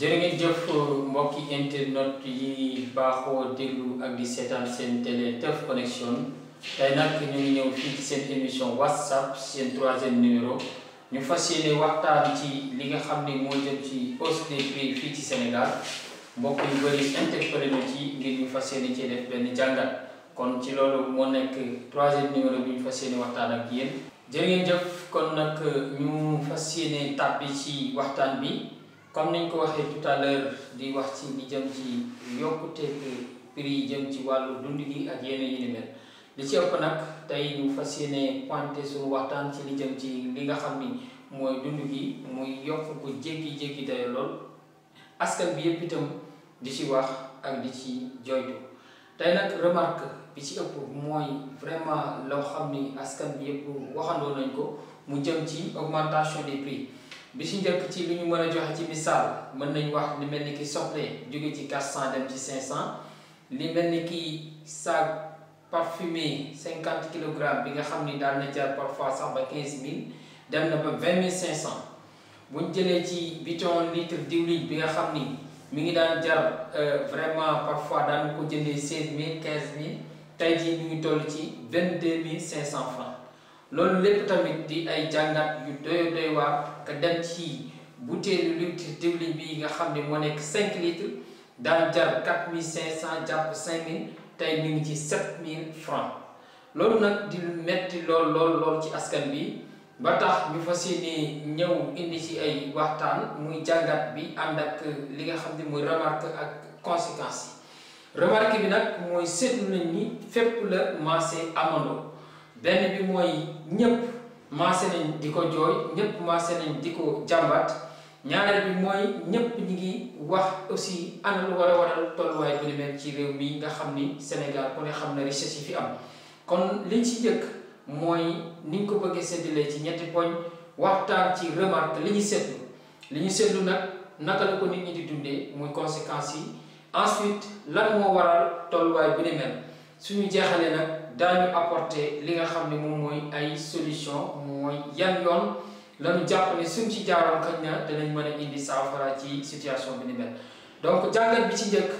jërë ngeen jëf mbokki internet yi baaxoo déglu ak di seetaan seen télé Teuf Connection tey nag ñu ngi ñëw fii ci seen émission whatsapp seen troisième numéro ñu fas yéene waxtaan ci li nga xam ne moo jëm ci hausse des prix fii ci Sénégal mbokk yu bëri interpellé na ci ngir ñu fas yéene cee def benn jàngat kon ci loolu moo nekk troisième numéro bi ñu fas yéene waxtaan ak yéen. jërë ngeen jëf kon nag euh, ñu fas yéene tàbbi ci waxtaan bi comme nañ ko waxee tout di wax ci ni jëm ci yokkute prix yi jëm ci wàllu dund gi ak yeneen yu li ci ëpp nag tey ñu fa yéene pointé suñu waxtaan ci li jëm ci li nga xam ni mooy dund gi muy yokk ko jéggi-jéggi dayo lool askan bi yëpp itam di ci wax ak di ci jooytu tey nag remarque bi ci pour vraiment loo xam ni pour bi yëpp waxandoo ko mu jëm ci augmentation des prix bi ci njëkk ci li ñu mëna a joxe ci misaal mën nañ wax ni melni ki soplé ci 400 dem ci 500 li melni ki sac parfumé 50 kg bi nga xamni dal na jar parfois sax ba 15000 dem na ba 20500 buñ jëlé ci biton litre diwlin bi nga xamni mi ngi daan jar euh, vraiment parfois daan ko jëndé 16000 15000. tey jii ñu ngi toll ci vingt deux mille cinq cent francs loolu lépp tamit di ay jàngat yu doy doy waar que dem ci butéelu litre diwlin bi nga xam ne moo nekk cinq litres daan jar quatre cent jàpp cinq tey ñu ngi ci sept mille francs loolu nag di metti lool lool ci askan bi ba tax ñu fas yéene ñëw indi ci ay waxtaan muy jàngat bi ànd ak li nga xam ne muy remarque ak conséquence yi remarque bi nag mooy seetlu nañ ni fépp la maase amandoo benn bi mooy ñëpp maase nañ di ko jooy ñëpp maase nañ di ko jàmbat ñaareel bi mooy ñëpp ñi ngi wax aussi ana lu war a waral tolluwaay ci réew mi nga xam ni Sénégal ku ne xam na richesse yi fi am kon liñ ci jëkk mooy niñ ko bëggee séddalee ci ñetti poñ waxtaan ci remarque li ñu seetlu li ñu seetlu nag naka la ko nit ñi di dundee muy conséquences yi ensuite lan moo waral tolluwaay bi ni mel suñu jeexalee nag daañu apporter li nga xam ne moom mooy ay solution mooy yan yoon lañu jàpp ne suñ ci jaaroon kañ na danañ mën a indi saafara ci situation bi ni mel donc jàngat bi ci njëkk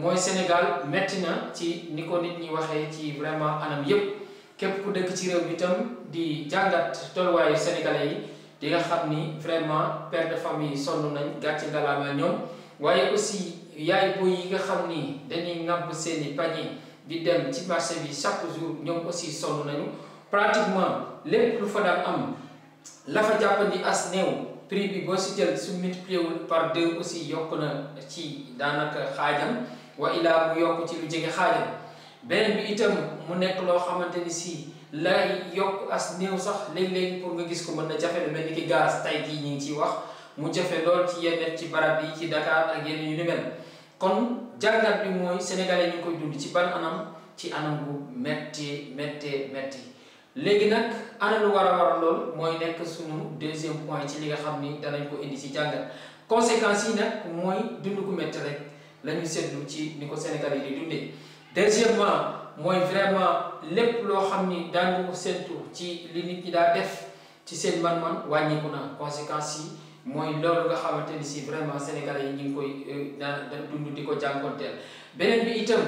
mooy Sénégal metti na ci ni ko nit ñi waxee ci vraiment anam yépp képp ku dëkk ci réew bi itam di jàngat tolluwaayu sénégalais yi di nga xam ni vraiment père de famille sonn nañ gàcce ngalaama ñoom waaye aussi yaay booy yi nga xam ni dañuy nàmp seeni panier di dem ci marché bi chaque jour ñoom aussi sonn nañu pratiquement lépp lu fa daan am la fa jàppandi as néew prix bi boo si jël su multiplié wul par deux aussi yokk na ci daanaka xaajam wa ilaa mu yokk ci lu jege xaajam beneen bi itam mu nekk loo xamante ni si lay yokk as néew sax léeg-léeg pour nga gis ko mën na jafe lu mel ni ki gaz tay jii ñu ci wax mu jafe lool ci yenn ci barab yi ci Dakar ak yu ni kon jàngat bi mooy sénégal yi ñu ngi koy dund ci ban anam ci anam bu métti métti métti léegi nag ana lu war a war a lool mooy nekk suñu deuxième point ci li nga xam ni danañ ko indi ci jàngat conséquence yi nag mooy dund ku métti rek la ñu seetlu ci ni ko sénégalais yi di dundee deuxièmement mooy vraiment lépp loo xam ni daan nga ko séntu ci li nit ñi daa def ci seen man-man wàññiku na conséquences yi mooy loolu nga xamante ni si vraiment sénégalais yi ñu ngi koy euh, daan dund di ko jànkonteel beneen bi itam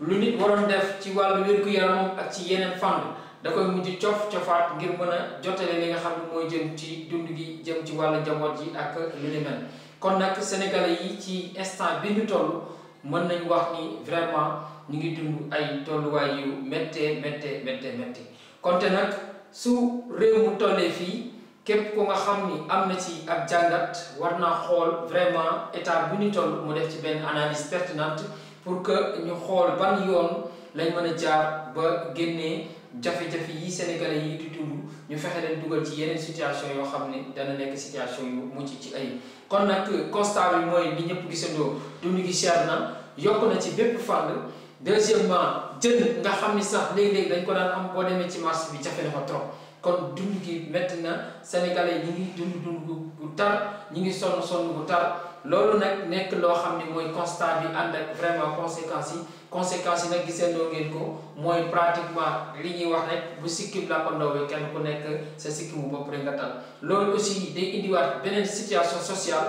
lu nit waroon def ci wàll wér-gu-yaramam ak ci yeneen fànn da koy mujj cof cofaat ngir mën a jotale li nga xam ne mooy jëm ci dund gi jëm ci wàll njaboot ji ak lu kon nag sénégalais yi ci instant bi ñu toll mën nañ wax ni vraiment ñu ngi dund ay tolluwaay yu méttee méttee méttee méttee konte nag su réew mu tollee fii képp ko nga xam ni am na ci ak jàngat war naa xool vraiment état bu ñu toll mu def ci benn analyse pertinente pour que ñu xool ban yoon lañ mën a jaar ba génnee jafe-jafe yi sénégalais yi di dund ñu fexe leen dugal ci yeneen situation yoo xam ne dana nekk situation yu mucc ci ay kon nag constat bi mooy li ñëpp gisandoo dund gi cher na yokk na ci bépp fànn deuxièmement jël nga xam ni sax léeg-léeg lañ ko daan am boo demee ci marché bi jafe la fa trop kon dund gi métti na sénégalais ñi ngi dund dund gu tar ñi ngi sonn sonn gu tar loolu nag nekk loo xam ne mooy constat bi ànd ak vraiment conséquences yi conséquences yi nag gisandoo ngeen ko mooy pratiquement li ñuy wax rek bu sikkim la ko ndawee kenn ku nekk sa sikkimu bopp rek nga tal loolu aussi day indiwaat beneen situation sociale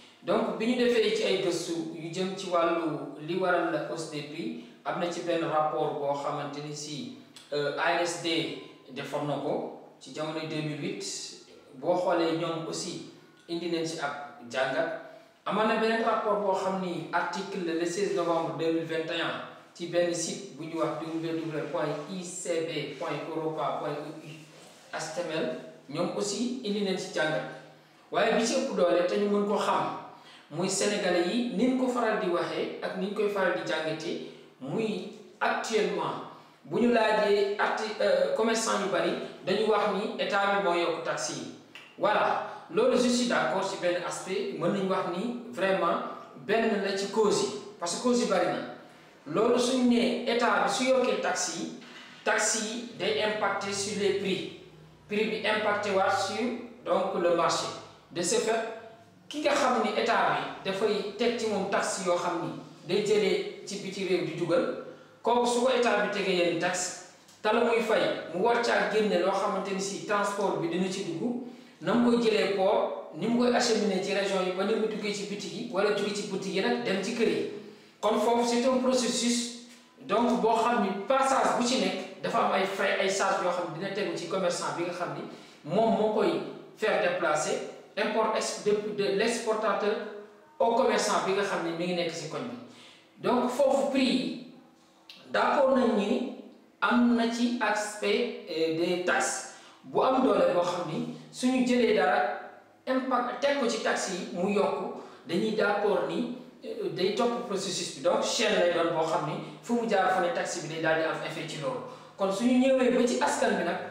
donc biñu défé ci ay gëstu yu jëm ci walu li waral la OSDP amna ci benn rapport bo xamante ci euh ANSD defoon na ko ci jamono 2008 bo xolé ñom aussi indi nañ ci ab jangat amoon na rapport bo xamni article le 16 novembre 2021 ci benn site buñu wax www.icb.europa.eu HTML ñoom aussi indi nañ ci jangat waye bi ci ëpp doole té ñu mën ko xam muy sénégalais yi ni ko faral di waxee ak ni koy faral di jàngatee muy actuellement bu ñu laajee arti euh, commerçant yu bari dañu wax ni état bi moo yokk taxi yi voilà loolu je suis d'accord ci benn aspect mën nañu wax ni vraiment benn la ci cause yi parce que cause yi bari na loolu suñ nee état bi su yokkee taxi yi taxi yi day impacter sur les prix prix bi impacté waat sur donc le marché de ce fait ki nga xamni ni état bi fay tek ci mom taxe yo xamni day jëlee ci biti rew di duggal kooku su ko état bi tege yenn taxe tala muy fay mu war caa génne loo xamante ni transport bi dina ci dugg na mu koy jëlee port ni mu koy acheminer ci région yi ba ni mu duggee ci biti yi wala jóge ci biti yi nak dem ci kër yi kon foofu c'est un processus donc bo xamni passage bu ci nek dafa am ay frais ay charges yo xamni dina tegu ci commerçant bi nga xamni mom moom koy faire déplacer import de l'exportateur au commerçant bi nga xamni mi ngi nek ci koñ bi donc fofu prix d'accord nañ ni am na ci aspect euh, des taxes bu am doole bo xamni suñu jëlé dara impact teg ko ci taxes mu yokk dañuy d'accord ni euh, day top processus bi donc chaîne lay doon bo xamni fu mu jaar fa ne taxe bi day daal am effet ci loolu kon suñu ñëwé ba ci askan bi nak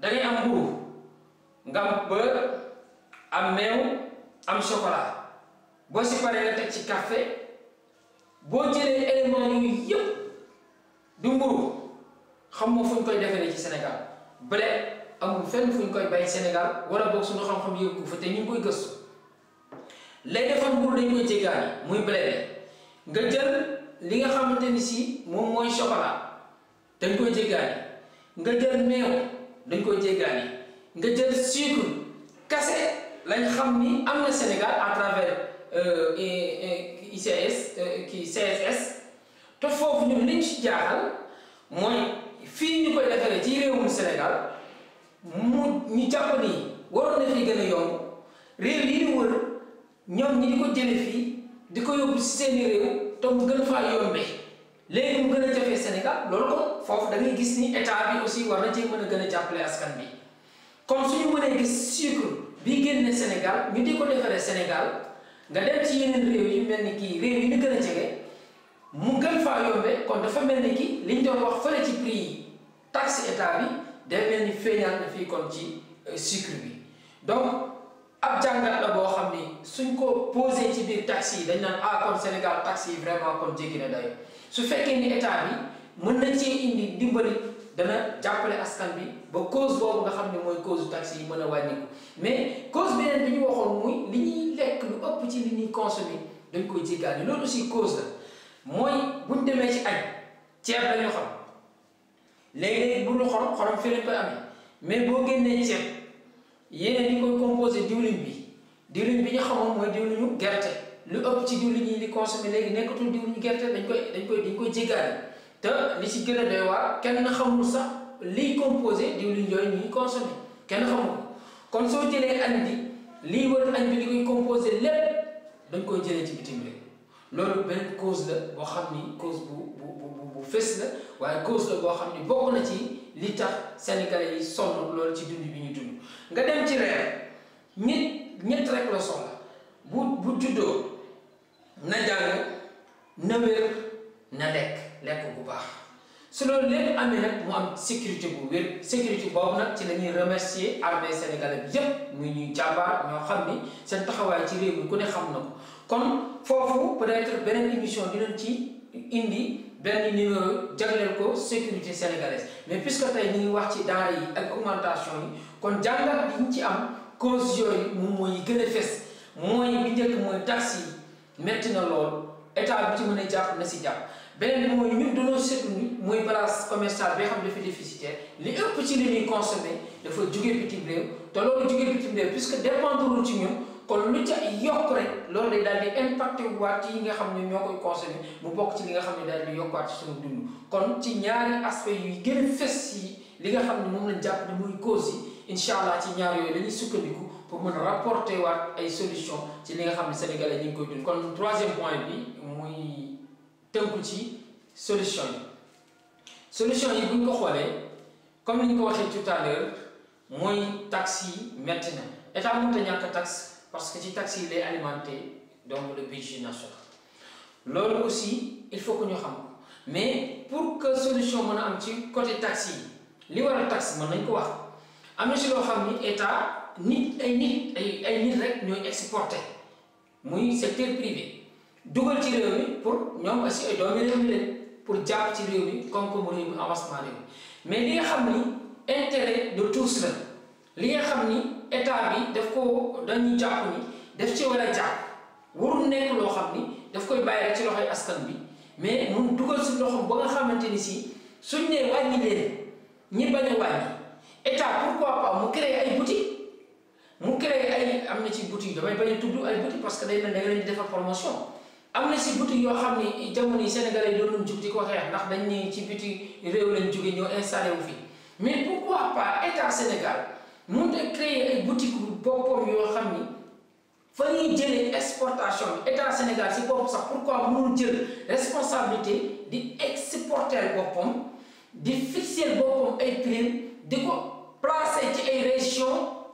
da am mburu nga am beurre am meew am chocolat boo si paree nga teg ci café boo jëlee éléments yooyu yëpp du mburu xam moo fu ñu koy defee ne ci senegal blé amul fenn fu ñu koy bay Sénégal wala boog suñu xam-xam yëpp fa te ñu ngi koy gëstu lay defar mburu dañ koy jéggaani muy blé nga jël li nga xamante ni si moom mooy chocolat dañ koy jéggaani nga jël meew. dañ koy jéggaani nga jël sucre kase lañ xam ni am na Sénégal à travers euh, ICS euh, kii CSS te foofu ñun liñ ci jaaxal mooy fii ñu koy defaree ci réewum Sénégal mu ñu jàpp ni waroon na fi gën a yomb réew yi ñu wër ñoom ñi di ko jële fii di ko yóbbu si seeni réew te mu gën faa yombee léegi mu gën a jafee Sénégal loolu kon foofu dangay gis ni état bi aussi war na cee mën a gën a jàppale askan bi comme suñu mënee gis sucre bi génne Sénégal ñu di ko defaree Sénégal nga dem ci yeneen réew yu mel ni kii réew yi ñu gën a jege mu gën faa yombe kon dafa mel ni ki liñ doon wax fële ci prix yi taxe état bi day mel ni feeñaat na fii kon ci euh, sucre bi donc ab jàngat la boo xam ni suñ ko posé ci biir taxe yi dañ naan ah kon Sénégal vraiment kon jéggi su fekkee ni état bi mën na cee indi dimbali dana jàppale askan bi ba cause boobu nga xam ne mooy cause du taxe yi mën a wàññiku mais cause beneen bi ñu waxoon muy li ñuy lekk lu ëpp ci li ñuy consommer dañ koy jéggaani loolu aussi cause la mooy buñ demee ci añ ceeb la ñu xam léegi-léegi bu ñu xorom xorom fi lañ koy amee mais boo génnee ceeb yéen di koy composé diwlin bi diwlin bi ñu xamoon mooy diwlinu gerte lu ëpp ci diw li ñuy di consommer léegi nekkatul diw ñu gerte dañ koy dañ koy dañ koy jéggaani te li ci gën a doy waar kenn xamul sax liy composé diw li yooyu ñuy consommer kenn xamul kon soo jëlee añ bi lii wër añ bi li koy composé lépp dañ koy jëlee ci bitim réew loolu benn cause la boo xam ni cause bu bu bu bu la waaye cause la boo xam ni bokk na ci li tax sénégalais yi sonn loolu ci dund bi ñu dund nga dem ci reer nit ñett rek la soxla bu bu juddoo. na wér na lekk lekk bu baax su loolu lépp amee nag mu am sécurité bu wér sécurité boobu nag ci la ñuy remercier armée sénégalaise bi yépp muy ñuy jàmbaar ñoo xam ni seen taxawaay ci réew mi ku ne xam na ko kon foofu peut-être beneen émission di dinañ ci indi benn numéro jagleel ko sécurité sénégalaise mais puisque tey ñu ngi wax ci denrées yi ak augmentation yi kon jàngat bi ñu ci am cause yooyu moom mooy gën a fes mooy bi njëkk mooy tax yi métti na lool état bi ci mën a jàpp na si jàpp beneen bi mooy ñun dañoo seetlu ni mooy balance commerciale bi xam ne dafa déficitaire li ëpp ci li ñuy consommé dafa jugee petit réew te lolu jugee petit réew puisque dépendre ci ñun kon lu ca yok rek lolu day daldi di impacté waat ci yi nga xam ñu ñokoy koy consommé mu bokk ci li nga xam ni daldi di yokkuwaat ci suñu dund kon ci ñaari aspect yu gën fess yi li nga xam ni moom lañ japp ni moy cause yi inshallah ci ñaar yooyu dañuy sukkandiku pour mën rapporter waat ay solution ci li nga xam ne sénégalais ñu ngi koy kon troisième point bi muy tënku ci solution solution yi bu ñu ko xoolee comme nous l'avons ko tout à l'heure mooy taxi maintenant. metti na état mënut a ñàkk taxe parce que ci taxi il est alimenté donc le budget national L'autre aussi il faut que ñu xam mais pour que solution mën a am ci côté taxi. yi li war a taxe mën nañ ko wax am ci loo xam état nit ay nit ay ay nit rek ñooy exporté muy secteur privé dugal ci réew mi pour ñoom aussi ay doomi réew mi leen pour jàpp ci réew mi koom-koomu réew mi avancement réew mais li nga xam ni intérêt de tous la li nga xam ni état bi daf ko dañu jàpp ni daf ci war a jàpp warul nekk loo xam ni daf koy bàyyi rek ci loxoy askan bi mais mun dugal suñu loxo ba nga xamante ni si suñ nee wàññi leen ñi bañ a wàññi état pourquoi pas mu créer ay boutique mu créé ay am na ci boutique damay bañ a tudd ay boutique parce que day mel ne da nga leen di defal promotion am na si boutique yoo xam ni jamono yi sénégalais doon nañ jug di ko xeex ndax dañ ni ci biti réew lañ jóge ñoo installé wu fi mais pourquoi pas état Sénégal mënut a créer ay boutique boppam yoo xam ni fa ñuy jëlee exportation état Sénégal si bopp sax pourquoi mënul jël responsabilité di exporter boppam di fixer boppam ay prix di ko placer ci ay régions.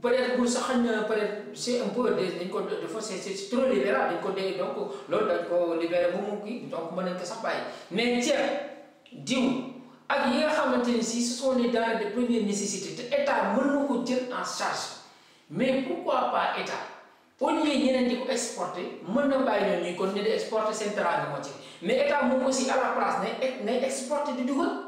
peut-être pour sax xañ na euh, peut-être c'est un peu dañ ko dafa c'est trop libéral dañ ko dee donc loolu dañ ko libéré ba mu kii mën nañ ko sax bàyyi mais ceeb diw ak yi nga xamante ni si ce sont les denrées de première nécessité te état mën na ko jël en charge mais pourquoi pas état au lieu ñeneen di ko exporter mën na bàyyi ñoom ñuy kon ne di exporter seen teranga moo ci mais état moom aussi à la place nay nay di dugal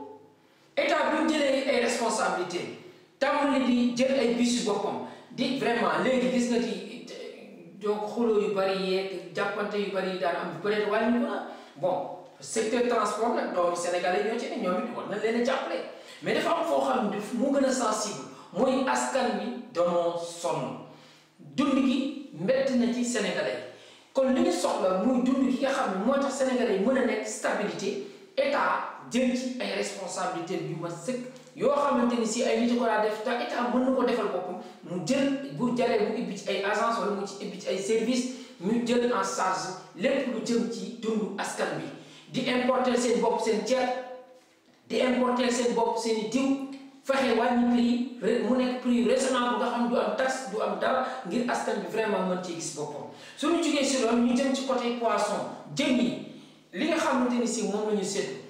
état bi ñu ay responsabilité tàmm li di jël ay bis boppam di vraiment légui gis nga ci donc xuloo yu bari yeeg jàppante yu bari yi daan am bu peut-être wàññi ko bon secteur transport nag doomu Sénégalais ñoo ci ne ñoom war na leen jappalé mais dafa am fo xam mo daf sensible moy askan bi dañoo sonn dund gi métti na ci Sénégalais kon li ñu soxla muy dund gi nga xam ne tax Sénégalais yi nek stabilité état jël ci ay responsabilité yu ma sëkk yoo xamante ni si ay nit ko daa def te état mën na ko defal boppam mu jël bu jaree mu ibbi ci ay agence wala mu ci ibbi ci ay service mu jël en charge lépp lu jëm ci dundu askan bi di importer seen bopp seen ceeb di importer seen bopp seen i diw fexe wàññi prix mu nekk prix raisonnable nga xam du am taxe du am dara ngir askan bi vraiment mën ci gis boppam suñu jugee si loolu ñu jëm ci côté poisson jëm yi li nga xamante ni si moom la ñu seet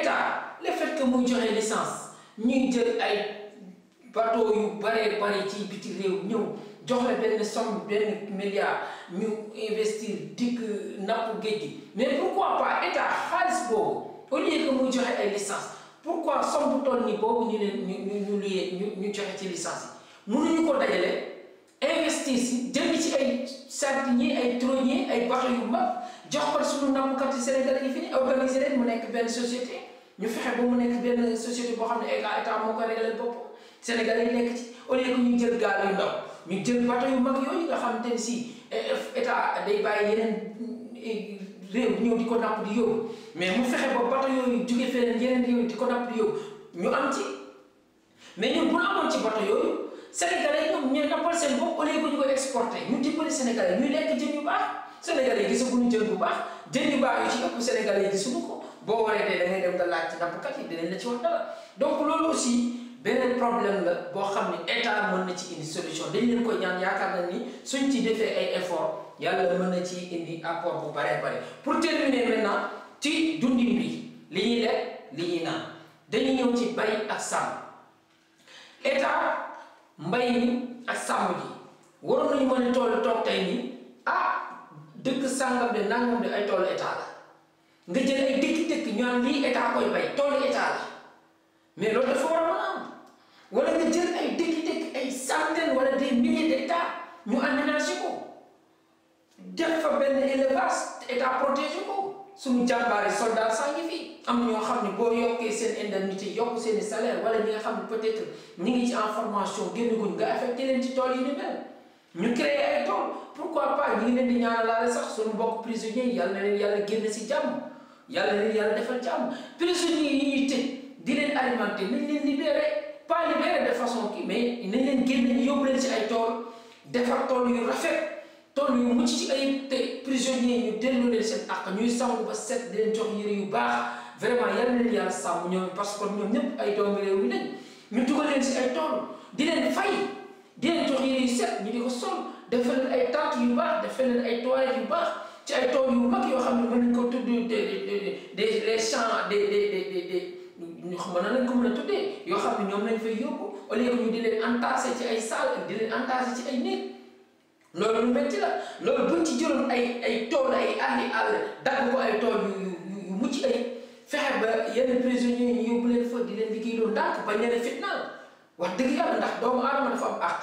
état le fait que avons une licence ñi jël ay bateau yu bare ci somme milliard investir mais pourquoi pas état que licence pourquoi somme toll licence yi mënuñu ko investir si ci ay tronier ay yu organiser société ñu fexe ba mu nekk benn société boo xam ne état moo ko réglé bopp Sénégal yi nekk ci au lieu que ñu jël gaal yu ndaw ñu jël bateau yu mag yooyu nga xam te si état day bàyyi yeneen eh, réew ñëw di ko napp di yóbbu mais mu fexe ba bateau yooyu jugee feneen yeneen réew di ko napp di ñu am ci mais ñun bu la amoon ci bateau yooyu Sénégalais yi ñoom ñooy nappal seen bopp au lieu que ñu koy exporté ñu dimbali Sénégalais ñuy lekk jën yu baax Sénégalais yi gisaguñu bu baax jën yu baax yu ci ëpp Sénégalais yi gisuñu ko. boo waree dee da dem nga laaj ci nappkat yi dinañ na ci wax dara donc loolu aussi beneen problème la boo xam ne état mën na ci indi solution dañu leen koy ñaan yaakaar nañ ni suñ ci defee ay effort yàlla mën na ci indi apport bu bare bare pour terminer na ci dundin bi li ñuy lekk li ñuy naan dañuy ñëw ci bay ak sàmm état mbay mi ak sàmm gi waroon nañu mën a toll toog tey ni ah dëkk sàngam de nangam de ay toolu état la nga jël ay dëkk-dëkk ñu naan lii état koy bay toolu état la mais loolu dafa war a a am wala nga jël ay dëkk-dëkk ay centaines wala de milliers d'hectares ñu aménagé ko def fa benn élevage état protégé ko suñu jàmbaari soldat saa ngi fi am ñoo xam ni boo yokkee seen indemnité yokk seen i salaire wala ñi nga xam ne peut-être ngi ci en formation génn guñ nga affecté leen ci tool yi ni mel ñu créé ay tool pourquoi pas ñi ngi leen di ñaanalaale sax suñu mbokk prisonniers si jàmm yàlla leen yàlla defal jàmm prisonniers yi ñuy tëj di leen alimenter nañ leen libéré pas de façon kii mais nañ leen génne ñu yóbbu leen si ay tool defar tool yu rafet tool yu mucc ci ay te prisonniers ñu delloo leen seen àq ñuy sangu ba set di jox yére yu baax vraiment yàlla leen yàlla sàmm ñoom parce que ñoom ñëpp ay doomi réew mi lañ ñu dugal leen si ay tool di leen fay di leen jox yére yu set ñu di ko sol defal leen ay tànk yu baax defal leen ay toilettes yu baax. ci ay tool yu mag yoo xam ne mën nañ ko tudd des les champs des des des des ñu xam na lañ ko mën a tuddee yoo xam ne ñoom lañ fay yóbbu au lieu que ñu di leen entassé ci ay salle di leen entassé ci ay néeg loolu lu métti la loolu buñ ci jëloon ay ay tool ay àlli àll dagg ko ay tool yu yu mucc ay fexe ba yenn prisonniers ñu yóbbu leen fa di leen liggéey loolu ndànk bañ leen fitnaal wax dëgg yàlla ndax doomu aadama dafa am àq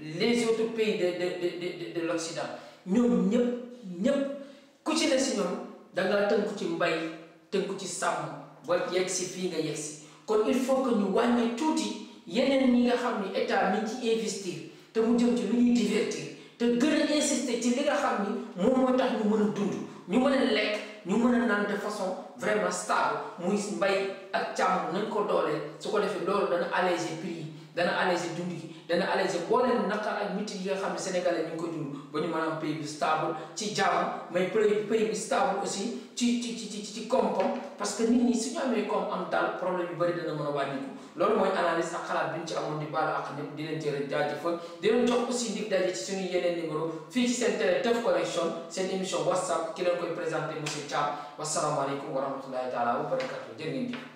les autres pays de de de de l'Occident Nous, nous, Nous, nous nous, nous, nous nous, nous, nous, nous, nous, nous nous, il faut que nous nous, nous, nous, nous, nous nous, nous, nous, nous nous, investir nous, nous nous nous, nous nous, nous, nous nous, insister nous nous nga nous nous Nous nous de façon vraiment stable Nous nous ak nous nous ko nous nous ko nous, nous nous, alléger nous nous, nous, nous dana allégé boo naka ak métit yi nga xam ne sénégalais ñu ngi ko dund ba ñu mën am pays bu stable ci jàmm mais pays bu stable aussi ci ci ci ci koom-koom parce que nit ñi suñu amee koom am daal problème yu bari dana mën a wàññiku loolu mooy analyse sax xalaat bi ñu ci amoon di baal ak ñëpp di leen jox aussi dig daje ci suñu yeneen numéro fii ci seen télé Teuf Connection seen émission whatsapp ki leen koy présenté monsieur Thiam wasalaamaaleykum wa rahmatullahi taala wa